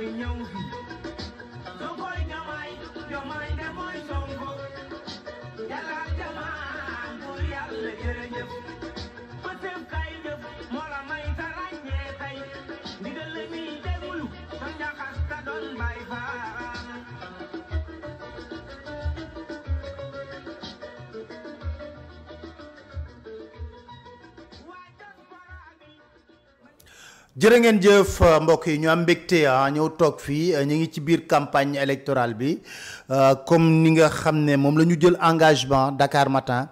we know jërë ngeen jëf mbokk yi ñu am mbégte ah, ñëw toog fii eh, ñu ngi ci biir campagne électorale bi eh, comme ni nga xam ne moom la ñu jël engagement Dakar Matin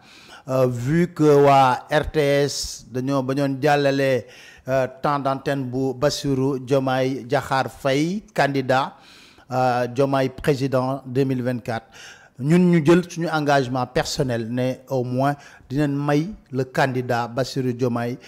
eh, vu que waa RTS dañoo bañoon jàllale temps d'antenne bu Bassirou Diomaye Diakhar Faye candidat Diomaye président 2024 ñun ñu jël suñu engagement personnel ne au moins dinañ may le candidat Bassirou Diomaye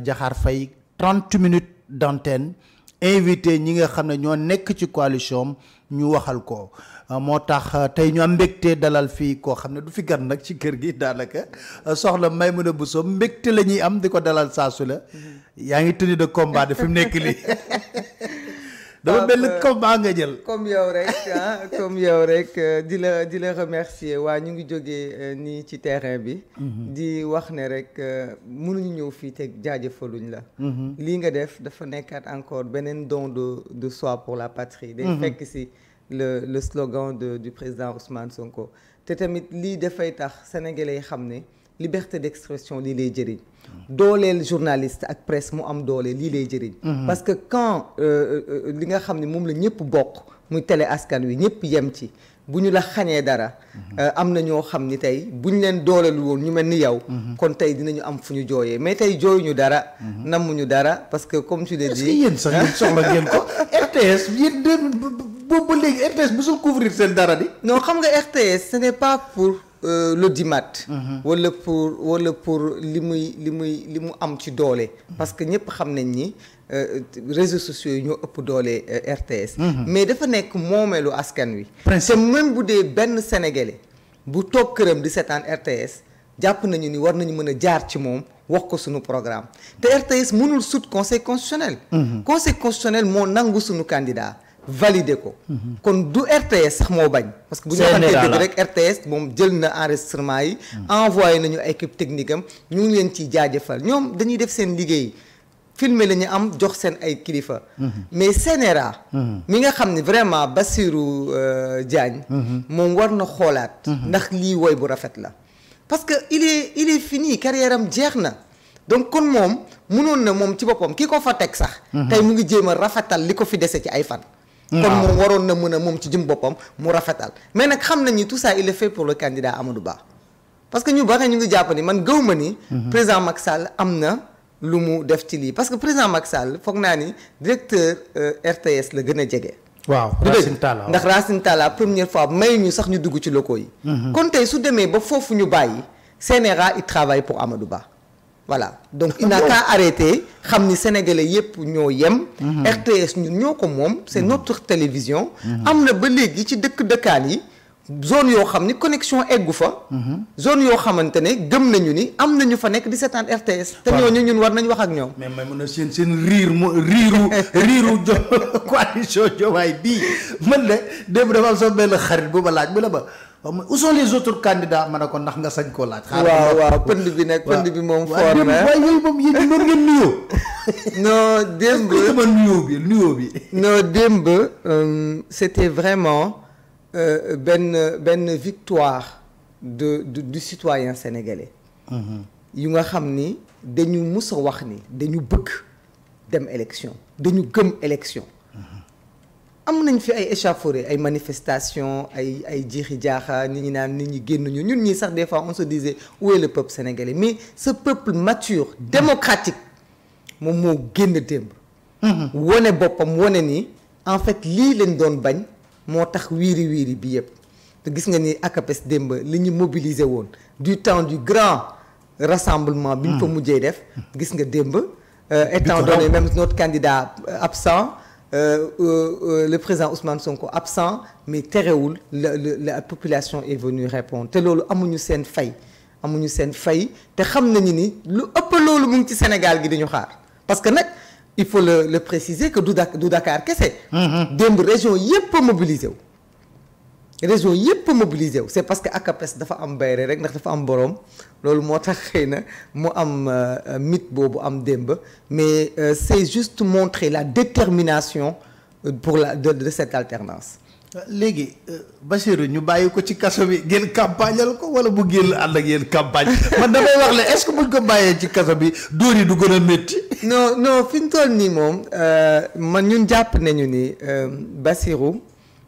Diakhar Faye 30 minutes danten invité ñi nga xam ne ñoo nekk ci coalition ñu waxal ko euh, moo tax euh, tey ñoo am dalal fii koo xam ne du fi gan nag ci kër gi daanaka euh, soxla Maimouna Bousso mbégte la ñuy am di ko dalal saasu la mm-hmm. yaa ngi tenue de combat de fi mu nekk lii dama mel ni combat nga jël. comme yow rek ah comme yow rek euh, di la di la remercier waa ñu ngi jógee euh, nii ci terrain bi. Mhm. di wax ne rek euh, mënuñu ñëw fii te jaajëfaluñ la. Mhm. lii nga def dafa nekkaat encore beneen don de de soi pour la patrie. day mhm. fekk si le le slogan de du président Ousmane Sonko te tamit lii dafay tax sénégalais yi xam ne liberté d'expression lii lay jëriñ dooleel journaliste ak presse mu am doole lii lay jëriñ. Mhm. parce que quand euh, euh, euh, li nga xam ne moom la ñëpp bokk muy télé askan wi ñëpp yem ci bu ñu la xañee dara. Mhm. am na ñoo xam ni tey bu ñu leen dooleel woon ñu mel ni yow. Mhm. kon tey dinañu am fu ñu jooyee mais tey jooyuñu dara. nammuñu dara parce que comme tu l'as dit. que yéen sax hein? yéen soxla ngeen ko RTS yéen boobu ba léegi RTS musul couvrir seen dara di. non xam nga RTS ce n'est pas pour. Euh, l'audimat mhm. wala pour wala pour li muy li muy li mu am ci doole parce que ñëpp xam nañ ni euh, réseaux sociaux yi ñoo ëpp doole euh, RTS mhm. mais dafa nekk moomeelu askan wi te même bu dee benn sénégalais bu toog këram di seetaan RTS jàpp nañu ni war nañu mën a jaar ci moom wax ko sunu programme te RTS mënul sut conseil constitutionnel mhm. conseil constitutionnel moo nangu suñu candidat validé ko. Mhm. kon du RTS sax mo bañ. parce que buñu ñu waxantee rek RTS mom jël na enregistrement yi. Mhm. envoyé nañu équipe technique am ñu ngi leen ci jaajëfal ñom dañuy def seen liggéey. filmé lañu am jox seen ay kilifa. Mhm. mais CNRA. mi nga xam vraiment Bassirou euh, Diagne. mom war na xolaat ndax li way bu rafet la. parce que il est il est fini carrière am jeex donc kon mom mënon na mom ci bopom kiko fa tek sax. tay mu ngi jema a rafetal li fi déssé ci ay fan. kon moom waroon na mën a moom ci jëm boppam mu rafetal mais nag xam nañu tout ça il est fait pour le candidat Amadou Ba parce que ñu bari ñu ngi jàpp ni man gëw ma ni mhm. président Macky Sall am na lu mu def ci lii parce que président Macky Sall foog naa ni directeur euh, RTS la gën a jege waaw Racine Talla ndax Racine Talla première fois may ñu sax ñu dugg ci locaux yi mhm. kon tey su demee ba foofu ñu bàyyi CNRA il travaille pour Amadou Ba voilà donc il n'a qu'à arrêter les sénégalais yépp ñoo yem. RTS nous sommes comme c'est mhm. notre télévision. Mhm. am ba zone connexion mhm. zone yo xamante ni am nañu fa RTS. te ñoo ñun war nañu wax ak ñoom. mais may seen rire, jo sais man dafa so ba où sont les autres candidats manako ne ndax nga sañ ko laaj. xaaral waaw waaw pënd bi nek pënd bi mom fort na waaw hein? yooyu moom yéen ñi ngeen nuyoo. non démb sama nuyoo bi nuyoo bi. non démb euh, c'était vraiment euh, ben benn victoire de, de du citoyen sénégalais. Mhm. yu nga xam ni dañu mus wax ni dañu bëgg dem élection dañu gëm élection am nañ fi ay échauffourées ay manifestations ay ay jiixi jaaxa nit ñi naan nit ñi ñu ñun ñi sax des fois on se disait où est le peuple sénégalais mais ce peuple mature démocratique moom mo génn démb. Mm-hmm. wone bopam woné ni en fait li lañ doon bañ motax wiri wiri bi yëpp te gis nga ni akapes demb li ñu mobiliser won du temps du grand rassemblement. biñ ko fa mm. def. gis nga demb euh, étant donné même notre candidat absent. Euh, euh, euh, le président Ousmane Sonko absent mais terewul la la population est venue répondre te loolu amuñu seen fay amuñu seen fay te xam nañu ni lu ëpp loolu mu ngi ci Sénégal gi dañu xaar parce que nag il faut le le préciser que du Dakar ce que c'est démb région yépp mobilisé mobiliser région yëpp mobilisé wu c' est parce que ACAPES dafa am bayre rek ndax dafa am borom loolu moo tax xëy na mu am euh, euh, mit boobu am démb mais euh, c' est juste montrer la détermination euh, pour la de, de cette alternance léegi Bassirou ñu bàyyi ko ci kaso bi gën campagnal ko wala bu génn ànd ak yéen campagne man damay wax la est-ce que buñ ko bàyyee ci kaso bi dóor yi du gën a métti non non fi ñu toll nii moom man ñun jàpp nañu ni Bassirou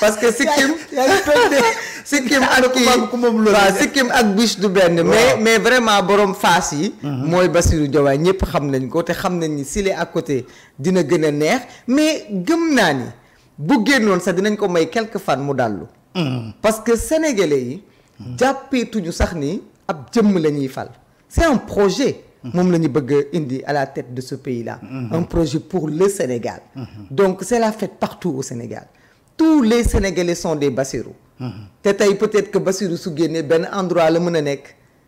parce que sikkim sikkim ak kii waaw sikkim ak biche du benn mais mais vraiment borom face yi moy mhm. Bassirou Diomaye ñepp xam nañ ko té xam nañ ni s'il à côté dina gëna neex mais gëm naa ni bu gënnon sa dinañ ko may quelques fans mu dàllu mhm. parce que sénégalais yi mhm. tuñu sax ni ab jëm lañuy fal c'est un projet moom la bëgg indi à la tête de ce pays là un projet pour le Sénégal donc c'est la fête partout au Sénégal tous les sénégalais sont des Bassirou. Mhm. te tey peut-être que Bassirou su ben endroit le mën nek.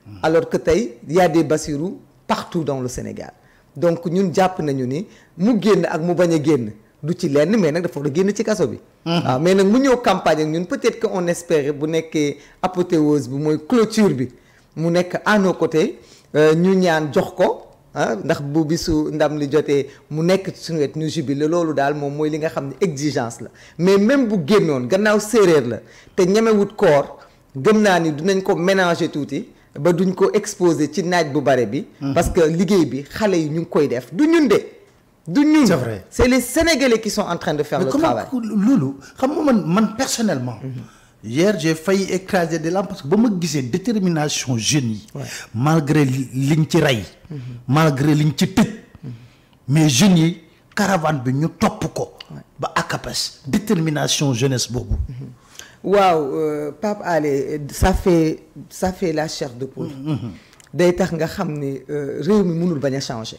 Mhm. alors que il y a des Bassirou partout dans le Sénégal donc nous jàpp nañu ni mu génn ak mu bañ a du ci lenn mais nag dafa ci mhm. ah, mais nous mu ñëw campagne ñun peut-être qu'on espère bu l'apothéose, la bi clôture bi mu nekk à nos côtés euh, ñu ñaan jox ko ah ndax bu bisu ndam li jotee mu nekk suñu wet ñu jubile loolu daal moom mooy li nga xam ne exigence la mais même bu génnoon gannaaw séeréer la te ñemewut koor gëm naa ni dinañ ko ménager tuuti ba duñ ko exposer ci naaj bu bare bi. Hmm. parce que liggéey bi xale yi ñu ngi koy def du ñun de. du ñun c'est vrai c'est les sénégalais qui sont en train de faire mais le travail mais comment loolu xam nga man man personnellement. Mm -hmm hier j'ai failli écraser des lampes parce que je me disais, détermination jeune malgré liñ ci mhm. malgré liñ ci mhm. mais génie, caravane bi ñu topp ko. ba akapes détermination jeunesse Waouh, mhm. waaw euh, Pape allez, ça fait ça fait la chair de poule. day tax nga nous ne euh, mënul changer.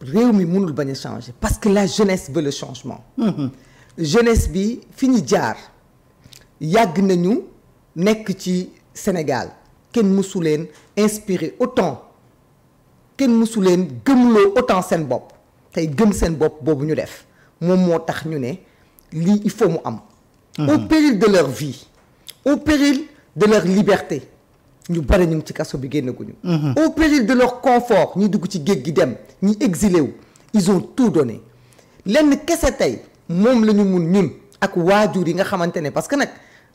réew mënul changer parce que la jeunesse veut le changement. jeunesse bi fini yag nañu nek ci Sénégal ken mësu leen inspiré autant ken mësu leen autant sen bop tey gëm sen bop bobu ñu def mom moo ñu né li il faut mu am au péril de leur vie au péril de leur liberté ñu bari ñu ci kasso bi génnaguñu au péril de leur confort ñi dugg ci géej gi dem ñi exilé wu ils ont tout donné lenn kessé tay mom lañu mën ñun ak wajur yi nga xamante parce que nak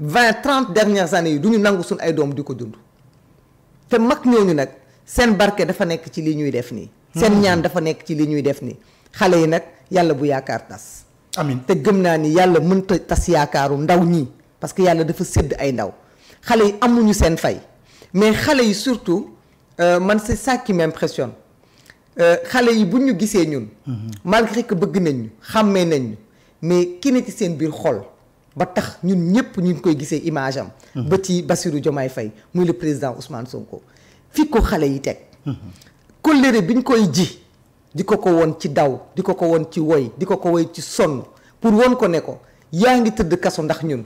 vingt trente dernières années yi du ñu nangu suñ ay doom di ko dund te mag ñooñu nag seen barke dafa nekk ci li ñuy def nii seen hmm. ñaan dafa nekk ci li ñuy def nii xale yi nag yàlla bu yaakaar tas amiin te gëm naa ni yàlla mënta tas yaakaaru ndaw ñi parce que yàlla dafa sédd ay ndaw xale yi amuñu seen fay mais xale yi surtout euh, man c'est ça qui m'impressionne euh, xale yi bu ñu gisee ñun hmm. malgré que bëgg nañ ñu nañ mais ki ne ci seen biir xol ba tax ñun ñëpp ñu ngi koy gisee image am. Mhm. ba ci Bassirou Diomaye Faye muy le président Ousmane Sonko fi ko xale yi teg. Mhm. kóllëre bi ñu koy ji di ko ko woon ci daw di ko ko woon ci woy di ko ko woy ci sonn pour woon ko ne ko yaa ngi tëdd kaso ndax ñun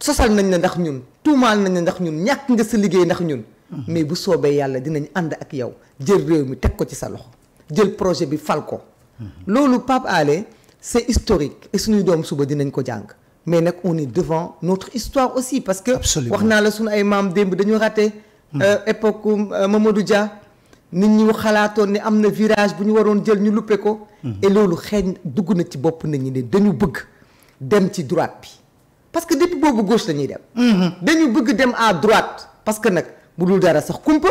sosal nañ la ndax ñun tuumaal nañ la ndax ñun ñàkk nga sa liggéey ndax ñun. Mhm. mais bu soobee yàlla dinañ ànd ak yow jël réew mi teg ko ci sa loxo jël projet bi fal ko. loolu Pape Alé c'est historique suñuy doom suba dinañ ko jàng. mais nak on est devant notre histoire aussi parce que waxna la sun ay mam demb dañu raté hmm. euh, époque euh, Mamadou Dia nit ñi xalaatoon ni amna virage bu ñu waroon jël ñu luppe ko hmm. et lolu xeeñ dugg na ci bop nit ñi ne dañu bëgg dem ci droite bi parce que depuis bobu gauche la dem hmm. dañu bëgg dem à droite parce que nak bu dul dara sax kumpa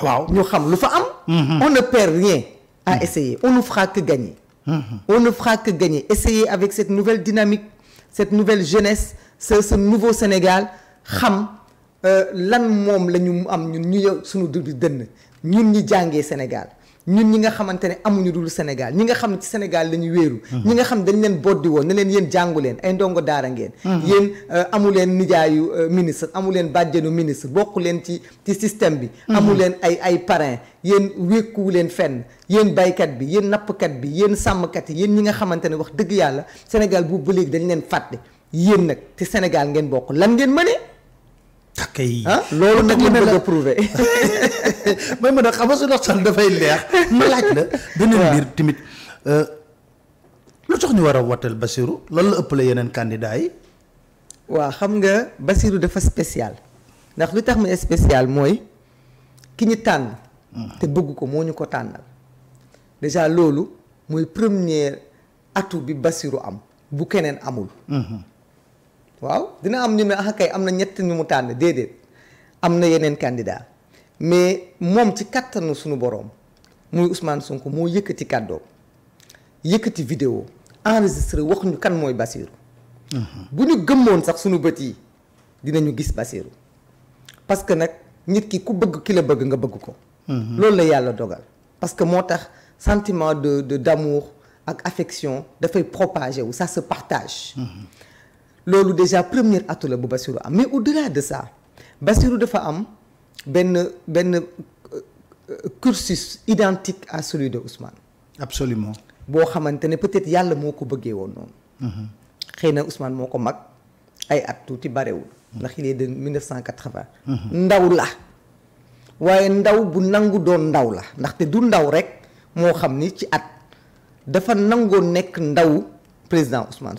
waaw ñu xam lu fa am on ne perd rien à essayer on ne fera que gagner on ne fera que gagner essayer avec cette nouvelle dynamique cette nouvelle jeunesse ce ce nouveau Sénégal xam euh, lan mom lañu am ñun ñu sunu dund ñun ñi jàngee Sénégal ñun ñi nga xamante ne amuñu dul Sénégal ñi nga xam ne ci Sénégal la ñu wéeru ñi nga xam dañ leen boddi woon ne leen yéen jàngu leen ay ndongo daara ngeen yéen euh, amu leen nijaayu euh, ministre amu leen bàjjenu ministre bokku leen ci ci système bi amu leen ay ay parrain yéen wékkuwu leen fenn yéen baykat bi yéen nappkat bi yéen sàmmkat yi yéen ñi nga xamante ne wax dëgg yàlla Sénégal bu ba léegi dañ leen fàtte yéen nag ci Sénégal ngeen bokk lan ngeen mënee kay loolu nag la bëgg a prouver may ma nag xam nga su waxtaan dafay leer ma laaj la beneen mbir tamit lu tax ñu war a watal Basirou loolu la ëppale yeneen candidat yi waaw xam nga Basirou dafa spécial ndax lu tax mu spécial mooy ki ñu tànn hmm. te bëgg ko moo ñu ko tànnal déjà loolu mooy premier atout bi Basirou am bu keneen amul hmm, hmm. waaw dina am ñu ne ah kay am na ñett ñu mu tànn déedéet am na yeneen candidat mais moom ci kattanu suñu kado, muy Ousmane Sonko moo yëkkati kàddoom yëkkati vidéo enregistré wax ñu kan mooy Bassirou. Uh-huh. bu ñu gëmmoon sax suñu bët yi dinañu gis Bassirou parce que nag nit ki ku bëgg ki la bëgg nga bëgg ko. Uh-huh. loolu la yàlla dogal parce que moo sentiment de d'amour ak affection dafay propager ou ça se partage. Uh-huh loolu déjà premier atout la bu Bassirou mais au-delà de ça Bassirou dafa am benn benn euh, cursus identique à celui de Ousmane. absolument boo xamante peut-être yàlla moo ko bëggee woon noonu. Mhm. xëy na Ousmane moo ko mag ay at tuuti barewul. Mhm. ndax il est de 1980. Mhm. ndaw la waaye ndaw bu nangu doon ndaw la ndaxte du ndaw rek moo xam ni ci at dafa nangoo nekk ndaw président Ousmane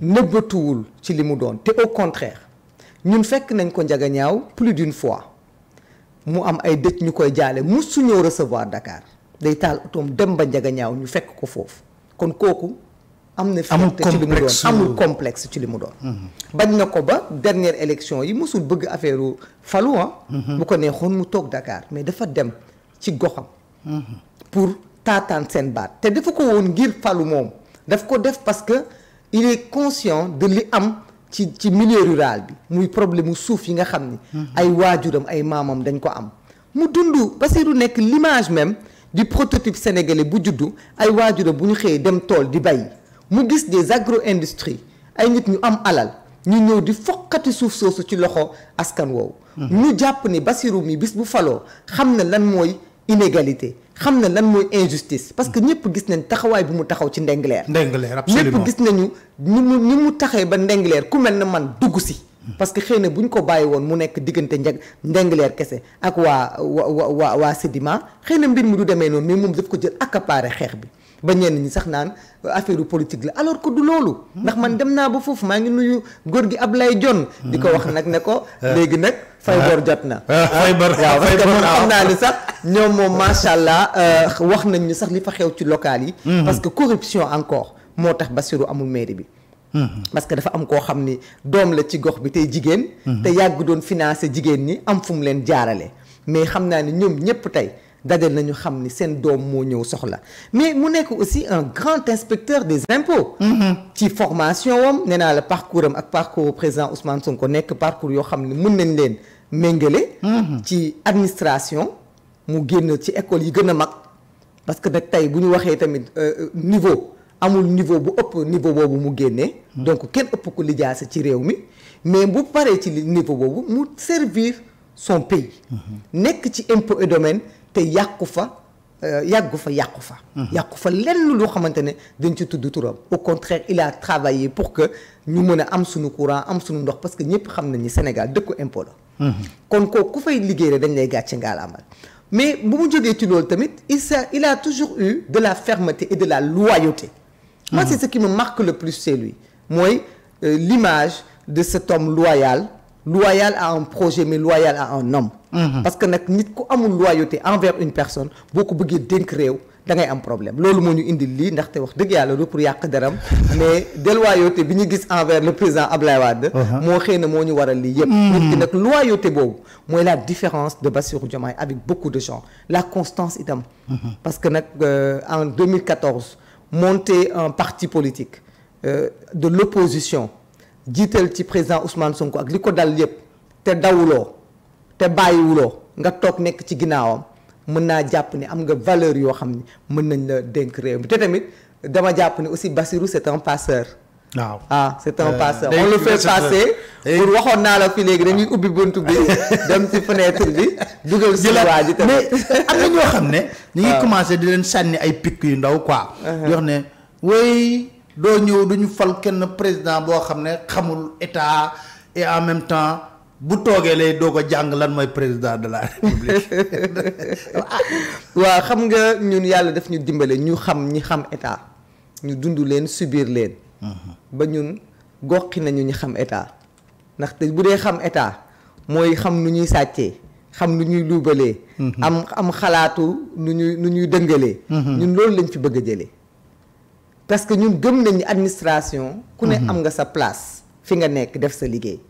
C'est ci au contraire ñun fekk nañ plus d'une fois mu am ay ñukoy musu recevoir Dakar day taal otoom dem ba njagañaaw ñu fekk ko kon na ci amul complexe ci limu doon mhm. bañ na ko dernière élection yi musul bëgg ah. mhm. ko mu Dakar mais dafa dem ci goxam mhm. pour te dafa ko woon ngir falu parce que il est conscient de li am ci ci milieu rural bi muy problème souf yi nga xamni mhm. ay wajuram ay mamam dañ ko am. mu parce que nek l'image même du prototype sénégalais bu juddu ay wajuram bu ñu dem tol di bay mu gis des agro-industries ay nit ñu am alal ñu ñëw di foqati souf soosu ci loxo askan wo ñu mhm. japp ni basirou mi bis bu falo xamna lan moy inégalité xam na lan mooy injustice parce que ñëpp gis nañ taxawaay bi mu taxaw ci Ndingler. Ndingler absolument ñëpp gis nañu ni mu mu taxee ba ndengleer ku mel na man dugg si. parce que xëy na bu ñu ko bàyyi woon mu nekk diggante njëg Ndingler kese ak waa wa waa waa Sedima xëy na mbir mi du demee noonu mais moom daf ko jël accaparé xeex bi. ba ñenn ñi sax naan affaire politique la alors que du loolu. ndax man dem naa ba foofu maa ngi nuyu góor gi ab lay Dione. di ko wax nag ne ko. léegi nag fay jot na. Ah, ah, fay bor waaw parce que ñoom moom macha allah euh, wax nañ ñu sax li xew ci local yi. Mm-hmm. parce que corruption encore moo tax Bassirou amul mairie bi. Mm-hmm. parce que dafa am koo xam ni doom la ci gox bi tey jigéen. Mm-hmm. te yàgg doon financé jigéen ñi am fu mu leen jaarale. mais xam naa ni ñoom ñëpp tey. dadel nañu xamni sen dom mo ñew soxla mais mu nekk aussi un grand inspecteur des impôts mm-hmm. ci formation wam nee naa parcours am ak parcours président Ousmane Sonko nekk parcours yo xamni ne nañ leen méngale mm-hmm. ci administration mu génn ci école yi gëna mag parce que nag tay bu ñu waxee tamit euh, euh, niveau amul niveau bu ëpp niveau bobu mu génné mm-hmm. donc ken ëpp ko lijaasa ci réew mi mais bu paré ci niveau bobu mu servir son pays nekk ci impôt et domaine te Yakoufa, euh, yakufa mhm. yakufa ya kufa ya kufa lenn loo xamante dañ ci au contraire il a travaillé pour que ñu mëna am suñu courant am suñu ndox parce que ñëpp xam ni Sénégal de impôt la. Mhm. kon ko ku fay liggéey rek dañ lay mais bu mu joggé ci tamit il a toujours eu de la fermeté et de la loyauté. Mhm. moi c'est ce qui me marque le plus chez lui moi euh, l'image de cet homme loyal loyal à un projet mais loyal à un homme. Mm-hmm. parce que nak nit ku amul loyauté envers une personne beaucoup de gens dénk réew da ngay am problème loolu mo ñu li ndax ndaxte wax dëgg Yalla pour mais de loyauté bi ñu gis envers le président Ablaye Wade uh-huh. mo xéena mo ñu waral li mm-hmm. nit loyauté boobu mooy la différence de Bassirou Diomaye avec beaucoup de gens la constance itam mm-hmm. parce que euh, en 2014 monter un parti politique euh, de l'opposition jiital ci président Ousmane Sonko ak liko dal yépp té dawuloo te bàyyiwuloo nga toog nekk ci ginnaawam mën naa jàpp ni am nga valeur yoo xam ni mën nañ la dénk réew mi te tamit dama jàpp ni aussi Bassirou c'est un passeur. waaw ah c'est un euh, passeur waxoon naa la fi léegi dañuy ah. ubbi bunt bi dem ci fenêtre bi dugal si waa mais am ñoo xam ne ñu ngi ah. commencé di leen sànni ay pikk yu ndaw quoi uh-huh. di wax ne wéy doo ñëw duñu fal kenn président boo xam ne xamul état et en même temps bu toogee lay doo ko jàng lan mooy président de la république. waaw xam nga ñun yàlla def ñu dimbale ñu xam ñi xam état ñu dund leen subir leen. Mhm. ba ñun goqi nañu ñu xam état ndaxte bu dee xam état mooy xam nu ñuy sàccee xam nu ñuy luubalee. Mhm. am am xalaatu nu ñuy nu ñuy dëngalee. Mhm. ñun loolu lañ fi bëgg a jëlee. parce que ñun gëm nañu administration. ku ne am nga sa place fi nga nekk def sa liggéey.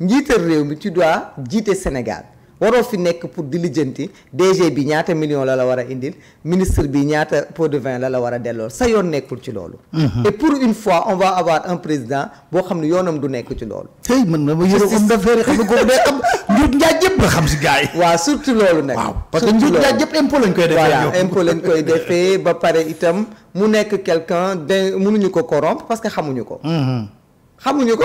njiital réew mi tu dois jiite Sénégal waro fi nek pour di lijjanti DG bi ñaata million la la wara indil ministre bi ñaata pot de vin la la wara a sa yoon nekul ci loolu. Mhm. et pour une fois on va avoir un président bo xam yonam du nek ci loolu. tey man ma ma um da féré xam nga day am njuut njaaj yëpp nga xam si gaay wa surtout loolu nek wa parce que njuut njaaj yëpp impôt lañ koy défé wa impôt lañ koy défé ba paré itam mu nek quelqu'un de mënuñu ko corrompre parce que xamuñu ko. Mhm. xamuñu ko.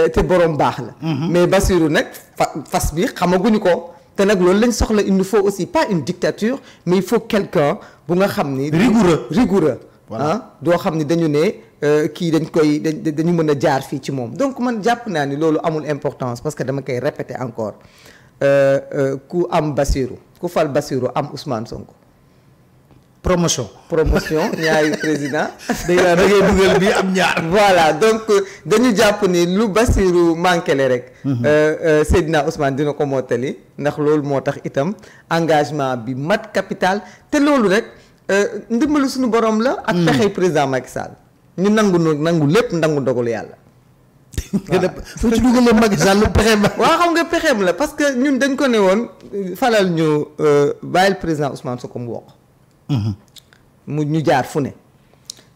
été eh, borom baax la. Mhm. mais basirou nak fas bi xamaguñu ko. té nak loolu lañ soxla il nous faut aussi pas une dictature mais il faut quelqu'un bu nga xamni rigoureux rigoureux. voilà ah, doo xam dañu né euh, kii dañ koy dañu mëna jaar fi ci mom donc man japp naa ni loolu amul importance parce que dama kay répéter encore euh, euh, ku am basirou ku fal basirou am Ousmane Sonko promotion. promotion ñaari président. dégg naa da ngay dugal bi am ñaar. voilà donc dañu japp ni lu Bassirou manqué le rek. Mhm. Euh, euh, Seydina Ousmane dina ko motali ndax lool motax itam engagement bi mat capital té loolu rek euh ndimbalu suñu borom la. ak mhm. pexey président Macky Sall. ñu nangu nangu lepp nangu ndogalu yalla faut fu ci dugalee Macky Sall pexeem la. xam nga pexem la parce que ñun dañ ko néwon falal ñu euh bàyyil président Ousmane Sonko mu mu ñu jaar fu ne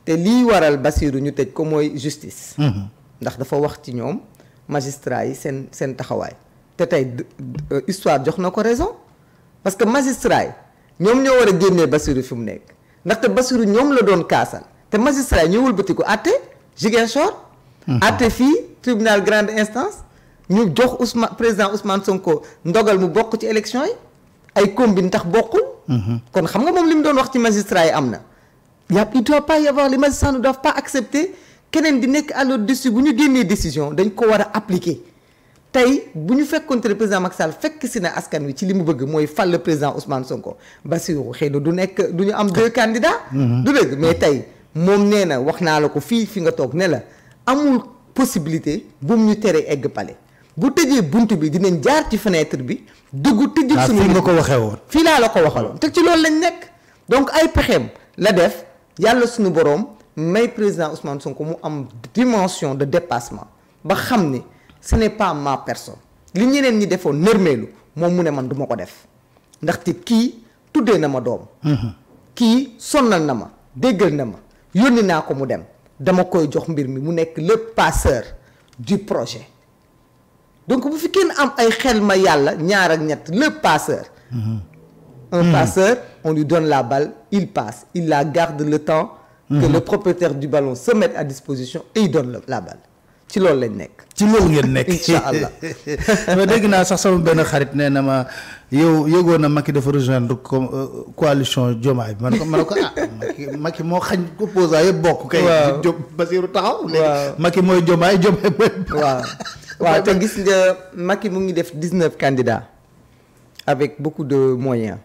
te lii waral Basiru ñu tëj ko mooy justice ndax dafa wax ci ñoom magistrat yi seen seen taxawaay te tey euh, histoire jox na ko raison parce que magistrat yi ñoom ñoo war a génnee Basiru fi mu nekk ndaxte Basiru ñoom la doon kaasal te magistrat yi ñoo wëlbatiku àtte Ziguinchor àtte mhm. fii tribunal grande instance ñu jox Ousmane président Ousmane Sonko ndogal mu bokk ci élection yi ay combine tax bokkul. Mhm. kon xam nga mom lim doon wax ci magistrat yi amna na. yàpp il doit pas y avoir les magistrats ne doivent pas accepter keneen di nek à leur dessus bu ñu génnee décision dañ ko wara appliquer. tay bu fekkonté le président Macky Sall fekk si na askan wi ci limu bëgg moy fal le président Ousmane Sonko Bassirou xëy du nek duñu am deux candidats. Mhm. du dëgg mais tay mom néna na wax naa la ko fii fi nga tok néla amul possibilité bu mu ñu teree egg palais bu tëjee bunt bi dinañ jaar ci fenêtre bi dugg ah, suñu nga ko waxee la ko waxaloon ci loolu lañ nekk donc ay pexeem la def yàlla suñu Mais may président Ousmane Sonko mu am dimension de dépassement ba xam ce n'est pas ma personne li ñeneen ñi defoon nërmeelu moom mu ne man pas ma ko def ndaxte kii tuddee na ma doom mhm. kii sonal na ma déggal na ma yónni naa ko mu dem dama koy jox mbir mi mu nekk le passeur du projet donc bu fi kenn am ay xel ma yalla ñaar ak ñett le passeur. un hmm. passeur on lui donne la balle il passe il la garde le temps. que hmm. le propriétaire du ballon se mette à disposition et il donne la balle. ci loolu lañ nek. ci loolu ngeen nek. Inshallah. allah. mais dégg naa sax sama benn xarit nee na ma yow yëgoon na Macky dafa rejoindre euh, coalition Diomaye bi man ko man ko ah Macky Macky moo xañ opposant yëpp bokk. kay Basirou taxaw. waaw Macky mooy Diomaye Diomaye mooy. waaw. Je suis candidats avec beaucoup de moyens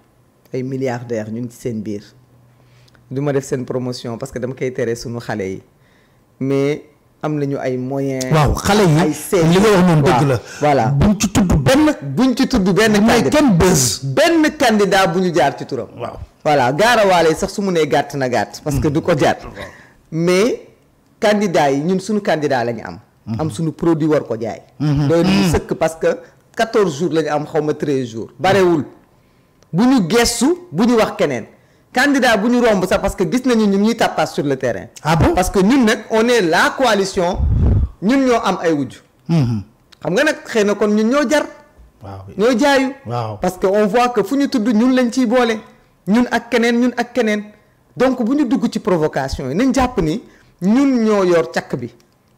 des milliardaires ñu dizaine ci seen biir def promotion parce que dama koy tere suñu xale yi mais am nañu des moyens. waaw xale yi li nga wax voilà buñ ci ben, buñ candidat buzz. Ben candidat voilà parce que hmm. mais candidats am suñu produit war ko jaay. doy nañu seuk parce que 14 jours la am xawma 13 jours barewul buñu ñu buñu wax kenen candidat buñu ñu romb sax parce que gis nañu ñun ñi tappas sur le terrain. ah bon parce que ñun nak on est la coalition ñun ñoo am ay wujj. Mhm. xam nga nak xëy na kon ñun ñoo jar. waaw ñoo jaayu. waaw parce que on voit que fuñu tuddu ñun lañ ciy boole. ñun ak keneen ñun ak keneen donc bu ñu dugg ci provocation yi nañ jàpp ni ñun ñoo yor càkk bi.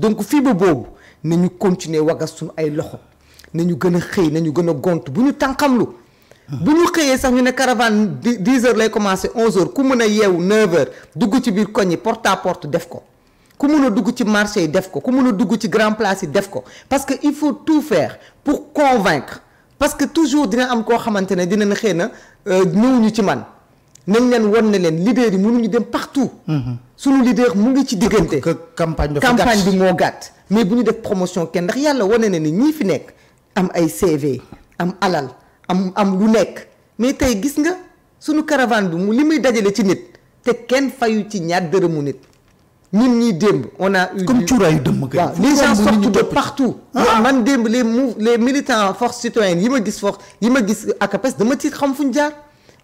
donc si nous à à faire. suñu ay loxo Nous de a faire nous. choses. nous gont Nous sax caravane 10h, lay commencé nous h ku mën faire porte à porte def ko ku marché def ko grand place parce qu'il faut tout faire pour convaincre parce que toujours dina am faire des ne dinañ nañ leen won les leen leader yi mënuñu dem partout. Mhm. suñu leader mu ngi ci diggante. campagne bi moo gàtt. mais bu ñu def promotion kenn ndax yàlla wane na ni ñii fi am ay CV am alal am am lu nek mais tay gis nga suñu caravane bi mu limuy muy dajale ci nit té kenn fayu ci ñaar dërëmu nit. ñun ñi démb on a eu comme cuuraayu dëmm kay waaw les gens sortent de partout ah. man démb les mou les militants force citoyenne yi ma gis force yi ma gis ACAPES dama tiit xam fu jaar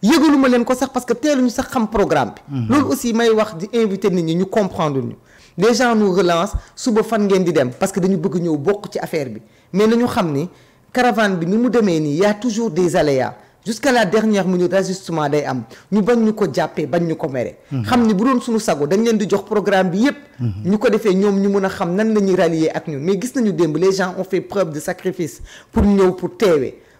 yëgalu que nous ko sax parce que nous sax un programme nous mhm. aussi may wax invité nit comprendre les gens nous relancent fan parce que nous avons beaucoup d'affaires. mais nous caravane y a toujours des aléas jusqu'à la dernière minute d'ajustement day am ñu bañ nous bañ Nous mhm. ni bu nous sago programme mhm. rallier les gens ont fait preuve de sacrifice pour nous pour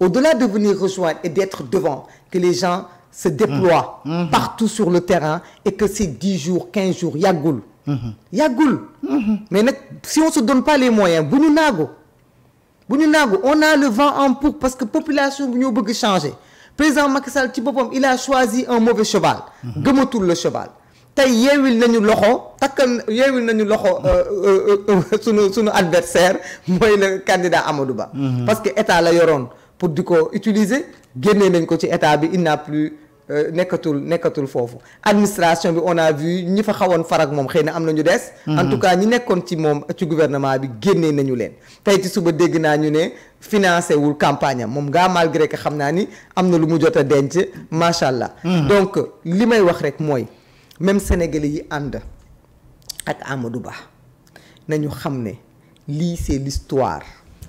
au-delà de venir rejoindre et d'être devant, que les gens se déploient mmh. Mmh. partout sur le terrain et que c'est 10 jours, 15 jours, yagoul. Mmh. Yagoul. Mais si on ne se donne pas les moyens, on a le vent en poupe parce que la population veut changer. Président Macky Sall, il a choisi un mauvais cheval. Gemotoul le cheval. Il yewil nañu loxo euh, euh, euh, adversaire candidat Amadou parce que état la yoron pour di utiliser génnee nañ ko ci état bi il n'a plus euh, nekatul nekatul fofu administration bi on a vu ñi fa xawoon farak mom xeyna na ñu dess mhm. en tout cas ñi nekkoon ci mom ci gouvernement bi génnee nañu len tay ci suba dégg na ñu ne financer wul campagne mom moom malgré que xamna ni amna lu mu jotta a denc macha mhm. donc li wax rek moy même sénégalais yi and ak Amadou Ba nañu xamné li c'est l'histoire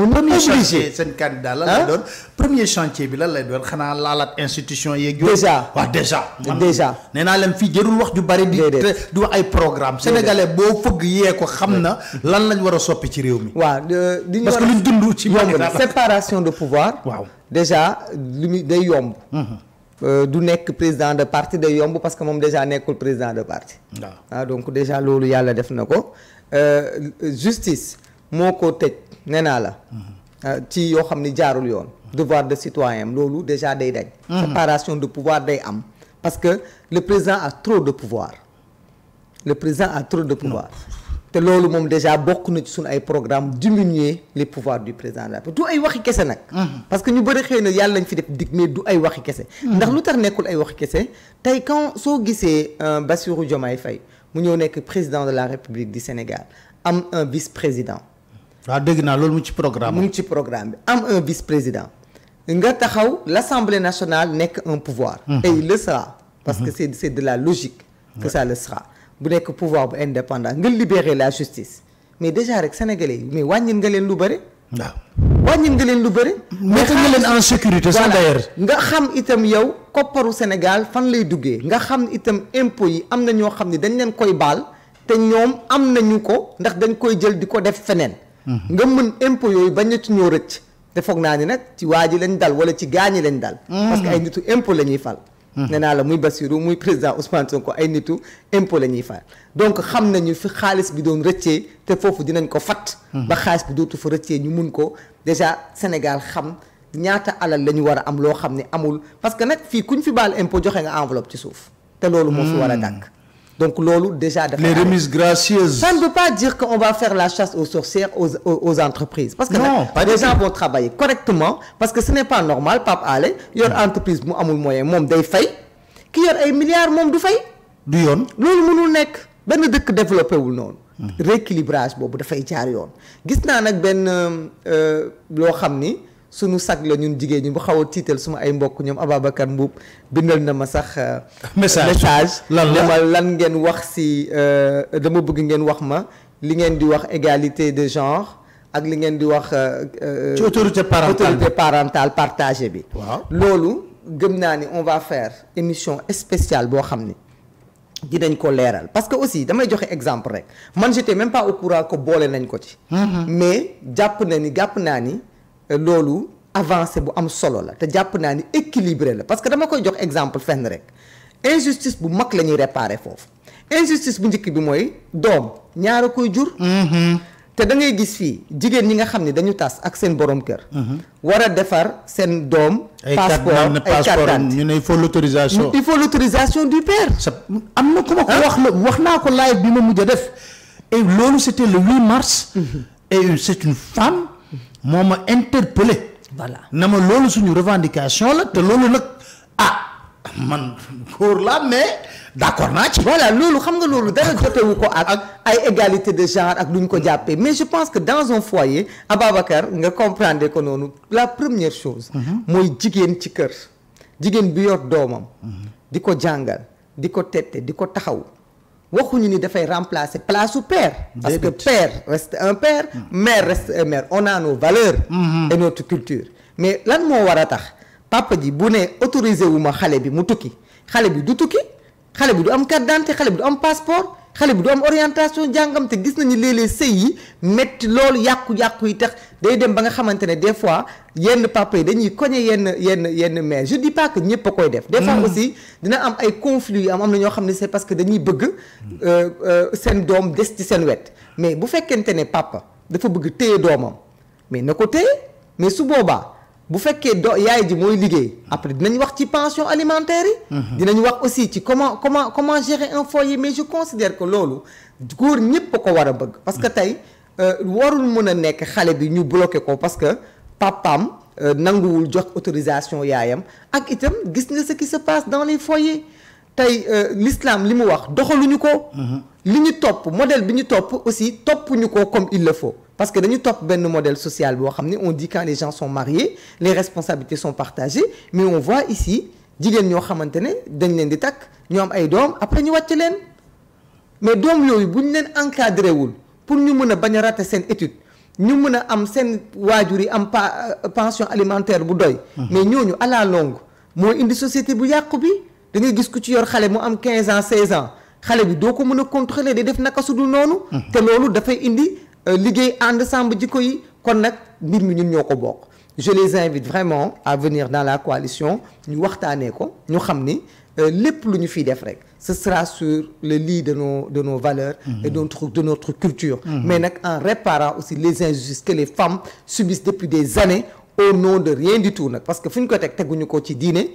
on est obligé seen candidat lan lay hein? doon premier chantier bi lan lay doon xanaa laalaat institution yeeg déjà waaw déjà déjà nee naa leen jërul wax ju bari di di ay programme sénégalais bo fëgg yé ko xamna lan lañ wara soppi ci réew mi waaw di parce que lu dund ci yomb séparation de pouvoir waaw déjà lu muy day yomb mhm. euh, du nek président de parti day yomb parce que mom déjà nekul président de parti waaw ah, donc déjà lolu yalla def nako euh, justice moko ko nena la. Euh, ci yo xamni ni jaarul yoon. devoir de citoyen lolu déjà day daj mhm. séparation de pouvoir day am. parce que le président a trop de pouvoir. le président a trop de pouvoir. té lolu mom déjà bokk na ci sun ay programme diminuer les pouvoirs du président de la République ay waxi kessé nak mhm. parce que ñu bëri xëy yalla yàlla lañ fi def dig mais du ay waxi kessé mhm. ndax lu tax nekkul ay waxi kessé tay quand so gissé euh, Bassirou Diomaye Faye mu ñeu nek président de la République du Sénégal am un vice-président waaw ah, dégg naa mu ci programme mu ngi ci programme am un vice président nga taxaw l' nationale nekk un pouvoir. Hum. et il le sera. parce que hum. c'est de la logique. que ça le sera bu nekk pouvoir bu indépendant nga libérer la justice mais déjà rek sénégalais yi mais wàññil nga leen lu bëri. waaw wàññil nga leen lu bëri. mais xam nga en sécurité sax d'ailleurs nga xam itam yow kopparu Sénégal fan lay duggee nga xam itam impôts yi am na ñoo xam ne dañ leen koy baal te ñoom am nañu ko ndax dañ koy jël di def feneen. Mm-hmm. nga mën impôt yooyu bañ a ci ñoo rëcc te foog naa ni nag ci waa ji lañ dal wala ci gaañi lañ dal mm-hmm. parce que ay nitu impôt la ñuy fal mm-hmm. nee naa la muy Bassirou muy président Ousmane ko ay nitu impo la ñuy fal donc xam nañu fi xaalis bi doon rëccee te foofu dinañ ko fat ba xaalis bi dootu fa rëccee ñu mun ko déjà Sénégal xam ñaata alal lañu war a am loo xam ne amul parce que nag fii ku kuñ fi baal impôt joxe nga enveloppe ci suuf te loolu moo fi war a dàkk donc l'olu déjà. de les remises gracieuses. ça ne veut pas dire qu'on va faire la chasse aux sorcières aux aux, entreprises. parce que non les gens vont travailler correctement parce que ce n'est pas normal Pape allez il entreprise a une moyen moom day fay ki yor ay milliards moom du fay. du yoon nous, mënul nekk ben dëkk développé wul non. Hmm. rééquilibrage boobu dafay jaar yoon. gis naa nag Ben. loo xam ni suñu sag la ñun jigéen ñi bu xaw a tiital suma ay mbokk ñoom Ababacar Mbuub bindal na ma sax euh, message lan la lan ngeen wax si euh, dama bëgg ngeen wax ma li ngeen di wax égalité de genre ak li ngeen di wax euh, ci autorité parentale parentale partagée bi loolu ni on va faire émission spéciale boo xam ni dinañ ko leeral parce que aussi damay joxe exemple rek man j'étais même pas au courant que boole nañ ko ci mm-hmm. mais jàpp na ni jàpp naa ni loolu avancer bu am solo la te japp naa ni équilibré la parce que dama koy jox exemple fenn rek injustice bu mak lañuy réparer foofu injustice bu njëkk bi moy dom. ñaara koy jur. Mm-hmm. te da ngay gis fi jigen ñi nga xamni dañu tass ak seen borom kër. Mm-hmm. war a defar seen dom. passeport ay ñu né il faut l'autorisation il faut l'autorisation du père. amna na ko hein? wax la wax ko live bi ma def et loolu c'était le 8 mars. Mm-hmm. et c'est une femme me ma interpellé. voilà na ma une revendication la te ah man là mais d'accord voilà loolu xam nga D'ailleurs, dara quoi. égalité de genre mais je pense que dans un foyer on nga comprendre que la première chose. Mhm. moi, ci kër. bi mhm. diko waxuñu ni remplacer place au père. parce que père reste un père. mère reste euh, mère on a nos valeurs. Mm-hmm. et notre culture. mais papa dit du du du passeport. Il y orientation jangam te gis nañu sey metti yakku yakku tax day dem ba nga des fois yenn papa dañuy yenn yenn mère je dis pas que ñepp a def. des fois mm. aussi dina am ay conflits am am c'est parce que dañuy bëgg euh, euh, sen doom des ci mais bu papa dafa bëgg mais na mais su bu fekkee do yaay ji mooy liggéey après dinañ wax ci pension alimentaire yi mhm. dinañ wax aussi ci comment comment comment gérer un foyer mais je considère que loolu góor ñépp ko wara bëgg parce que mhm. tey euh, warul mëna nek xalé bi ñu bloqué ko parce que papaam euh, nanguul jox autorisation yaayam ak itam gis nga ce qui se passe dans les foyers tey euh, l'islam limu wax doxaluñu ko mhm. liñu top modèle biñu top aussi toppuñu ko comme il le faut parce que nous top ben modèle social, on dit quand les gens sont mariés, les responsabilités sont partagées, mais on voit ici, dit ñoo xamante ne dañ leen di takk ñu ay après ñu mais Dom yooyu bu ñu leen encadré wul pour ñu mëna a bañ a étude ñu mëna am sen wajuri am euh, pension alimentaire bu doy. Mhm. mais ñoñu à la longue moo indi société bu yaq bi da ngay gis ku ci yor am 15 ans 16 ans xalé bi doo ko contrôler di def naka su nonu mhm. té lolu da indi. Euh, liggéey en jikko yi kon nak mbir ñun ñoko je les invite vraiment à venir dans la coalition ñu waxtaanee ko ñu xamni euh, lepp lu ce sera sur le lit de nos de nos valeurs mmh. et de notre culture mmh. mais en réparant aussi les injustices que les femmes subissent depuis des années au nom de rien du tout parce que si on ko un dîner,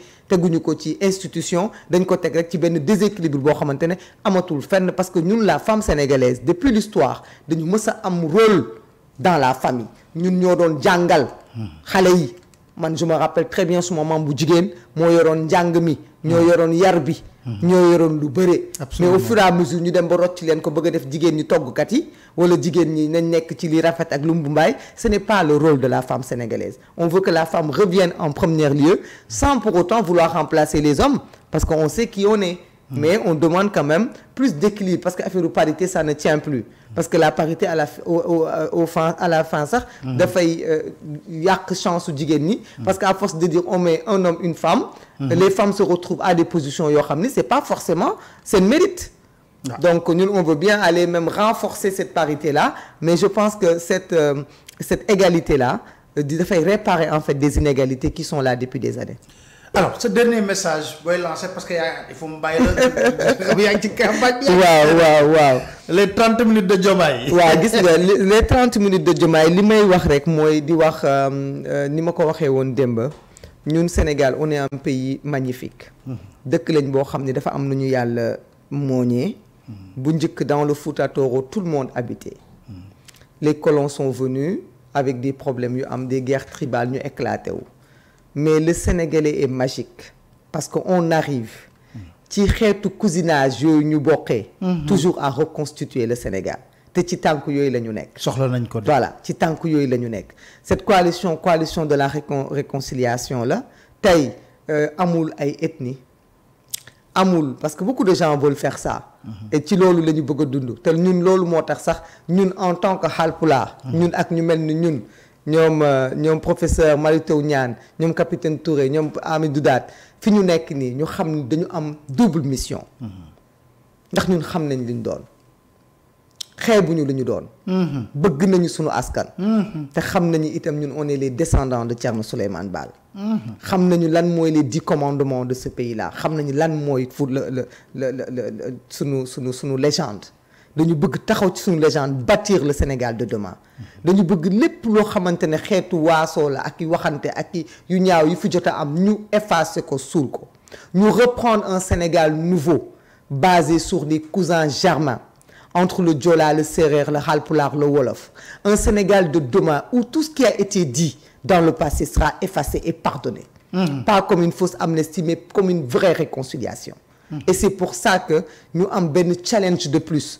ko ci institution dañ ko un déséquilibre parce que nous, la femme sénégalaise depuis l'histoire nous avons un rôle dans la famille Nous ñoo doon jàngal je me rappelle très bien ce moment où nous moo un njàng mi ñoo hmm. Mm-hmm. ñoo yoroon lu bëre mais au fur et à mesure ñu dem ba rocc leen ko bëgg a def jigéen ñi toggkat yi wala jigéen ñi nañ nekk ci li rafet ak lumbu ce n'est pas le rôle de la femme sénégalaise on veut que la femme revienne en premier lieu sans pour autant vouloir remplacer les hommes parce qu'on sait qui on est Mm. Mais on demande quand même plus d'équilibre parce que la parité ça ne tient plus. Parce que la parité à la, euh, au, fin, à la fin y mm. dafay euh, chance ou mm. parce qu'à force de dire on met un homme une femme. les femmes se retrouvent à des positions Ce n'est c'est pas forcément le mérite. Ah. Donc nous, on veut bien aller même renforcer cette parité-là, mais je pense que cette, euh, cette égalité-là, il faut réparer en fait des inégalités qui sont là depuis des années alors ce dernier message booy lancer parce que il faut me bailler la yaa ngi ci campagne bi. waouh. les 30 minutes de Jomai. Waouh, dis nga les 30 minutes de Diomaye li que wax rek mooy di wax euh, euh, nous, ma ko waxee woon démb ñun Sénégal on est un pays magnifique. Hmm. dëkk lañ boo xam ne dafa am lu ñu yàlla hmm. bu dans le foot à Toro tout le monde habitait. Hmm. les colons sont venus avec des problèmes des guerres tribales ñu éclaté mais le sénégalais est magique parce qu'on arrive ci tout cousinage ñu mhm. toujours à reconstituer le Sénégal te ci tànk yooyu la ñu nekk. soxla nañ ko voilà ci tànk yooyu la nekk. cette coalition coalition de la réconciliation la tey euh, amul ay ethnie amul parce que beaucoup de gens veulent faire ça. Mhm. et ci loolu la ñu bëgg a dund te ñun loolu moo tax sax ñun en tant que HALPULA, mhm. ñun ak ñu mel ñun ñom euh, ñom professeur Mary Teuw Niane capitaine Touré ñom Amidou Daat fi ñu nekk ni ñu xam ni dañu am double mission ndax ñun xam nañ liñ doon xeebuñu li ñu doon bëgg nañu suñu askan te xam nañu itam ñun on est les descendants de Thierno Souleymane Baal xam nañu lan moy les dix commandements de ce pays là xam nañu lan moy le le le le suñu sunu sunu sunu légende dañu bëgg taxaw ci suñu légende bâtir le Sénégal de demain Nous bëgg lépp loo xamante ne xeetu la ak i waxante ak yu ñaaw yi fi jot a am ñu effacer ko suul ko ñu reprendre un Sénégal nouveau basé sur des cousins germains entre le Djola, le Sérère le Halpoulard, le Wolof un Sénégal de demain où tout ce qui a été dit dans le passé sera effacé et pardonné mmh. pas comme une fausse amnestie... mais comme une vraie réconciliation mmh. et c'est pour ça que nous avons un challenge de plus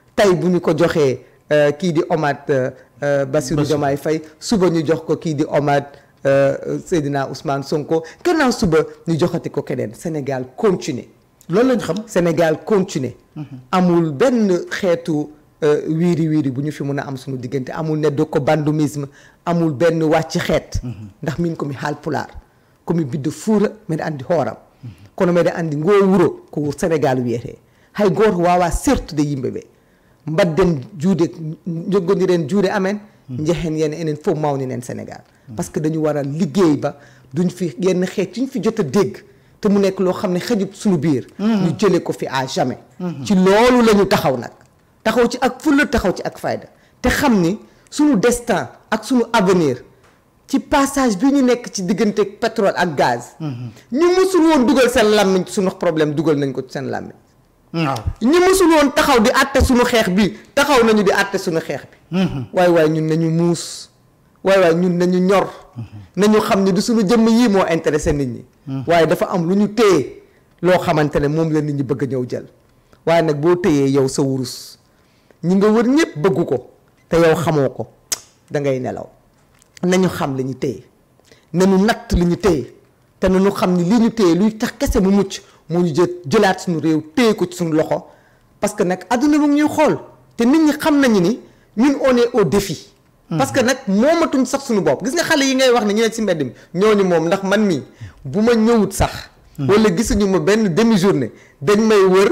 tey bu ñu ko joxee kii di Omar Bassirou Diomaye Faye suba ñu jox ko kii di Omar Seydina Ousmane Sonko gannaaw suba ñu joxati ko keneen Sénégal continuer loolu lañ xam Sénégal continuer amul benn xeetu wiiri wiiri bu ñu fi mën am suñu diggante amul ne do ko bandumisme amul benn wàcc xeet ndax min ko mi haal pulaar ko mi biddo fuura mbeɗa andi hooram kono mbeɗa andi ngo wuro ko sénégal wiyete hay goto wawa sertude yimɓe ɓe mbadden juude joggodiren juude amen jehen yen enen fof mawninen sénégal hmm. par ce que dañu war a liggéey ba duñ fi yenn xeet yuñ fi jot a dégg te mu nekk loo xam ne xajub suñu biir hmm. ñu jële ko fi à jamais hmm. ci loolu la ñu taxaw nag taxaw ci ak fulla taxaw ci ak fayda te xam ni suñu destin ak suñu avenir ci passage bi ñu nekk ci diggante pétrole ak gaz ñu mësul woon dugal seen làmmiñ suñu problème dugal nañ ko seen làmmiñ Hmm. waaw ñi mësul woon taxaw di àtte suñu xeex bi taxaw nañu di àtte suñu xeex bi. waaye hmm. waaye ñun nañu muus. waay waay ñun nañu ñor. Hmm. nañu xam ni du suñu jëmm yii moo intéressé nit ñi. waaye dafa am lu ñu téye loo xamante ne moom la nit ñi bëgg a ñëw jël. waaye nag boo téyee yow sa wurus ñu nga wër ñëpp bëggu ko te yow xamoo ko dangay nelaw nañu xam li ñu téye nañu natt li ñu téye te nañu xam ni li ñu téye luy tax kese mu mucc. moo ñu jë jëlaat suñu réew téye ko ci suñu loxo parce que nag àdduna mu ngi ñuy xool te nit ñi xam nañu ni ñun on est au défi. Hmm. parce que nag moomatuñ sax suñu bopp gis nga xale yi ngay wax ne ñu ne ci mbedd mi ñooñu moom ndax man nii bu ma ñëwut sax. Hmm. wala gisuñu ma benn demi journée dañ may wër.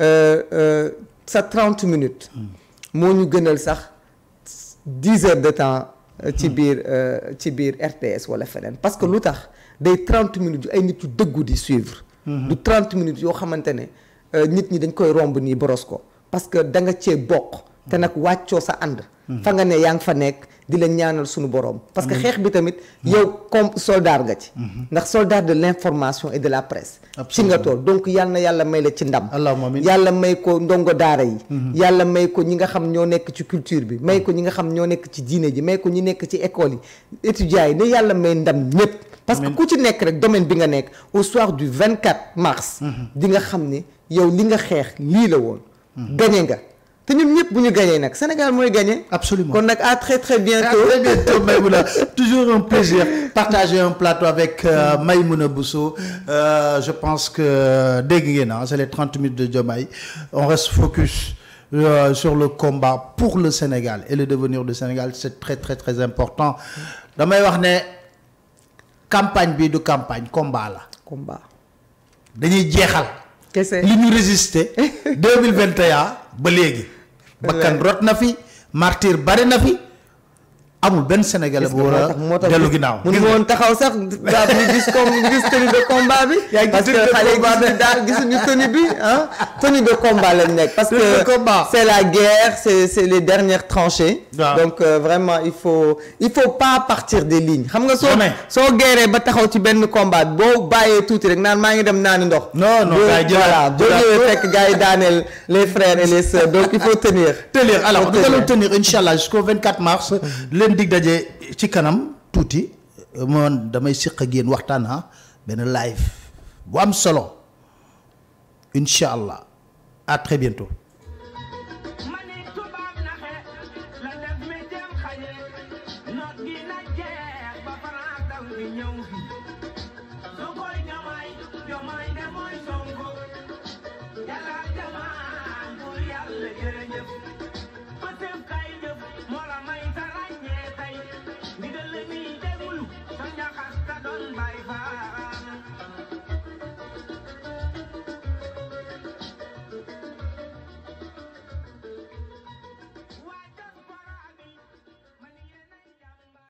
Euh, euh, sa 30 minutes. Mon ñu gënal 10 heures de temps. Euh, hmm. ci biir ci biir RTS wala feneen parce que lu tax 30 minutes il ay nit yu dëggu di suivre. Hmm. du 30 minutes yoo xamante ne nit ñi dañ koy romb nii boros ko parce que da nga cee bokk. te nag wàccoo sa ànd. Mhm. fa nga ne yaa ngi fa nekk di la ñaanal suñu borom. parce que xeex bi tamit mhm. yow comme soldat nga ci. Mhm. ndax soldat de l' information et de la presse. ci nga tool donc yal na yàlla may la ci ndam. yàlla may ko ndongo daara yi. yàlla may ko ñi nga xam ñoo nekk ci culture bi may ko ñi nga xam ñoo nekk ci diine ji may ko ñi nekk ci école yi étudiants yi ne yàlla may ndam ñëpp. parce que ku ci nekk rek domaine bi nga nekk au soir du 24 mars. di nga xam ne yow li nga xeex lii woon. gañe nga. C'est ñun pour nous gagner, gagné Sénégal mooy gagné. absolument On a à très très bientôt. à très bientôt toujours un plaisir partager un plateau avec euh, Maïmouna Bousso euh, je pense que nous sommes hein, c'est les 30 minutes de Diomaye on reste focus. Euh, sur le combat pour le Sénégal et le devenir du Sénégal c'est très très très important damay wax ne campagne bi du campagne combat là, combat dañuy que c'est li ñu résister 2021 ba bakkan rot na fi martyr bari na fi amul ben sénégalais bu war a dellu mu ngi won taxaw sax daa bu gis comme gis tenue de combat bi. Hein? de combat parce que xale yi gis ni tenu bi hein tenu de combat la nekk. parce que c'est la guerre c'est c'est les dernières tranchées. donc euh, vraiment il faut il faut pas partir des lignes. xam nga so so guerree ba taxaw ci ben combat bo bàyyee touti rek naan maa ngi dem naani ndox. non non gars yi voilà boo ñëwee fekk gars yi les frères et les sœurs donc il faut tenir. tenir alors nous allons tenir inchallah jusqu'au 24 mars. leen dig ci kanam tuuti moom damay siq ak yéen waxtaan ha ah, benn live bu am solo incha allah à très bientôt.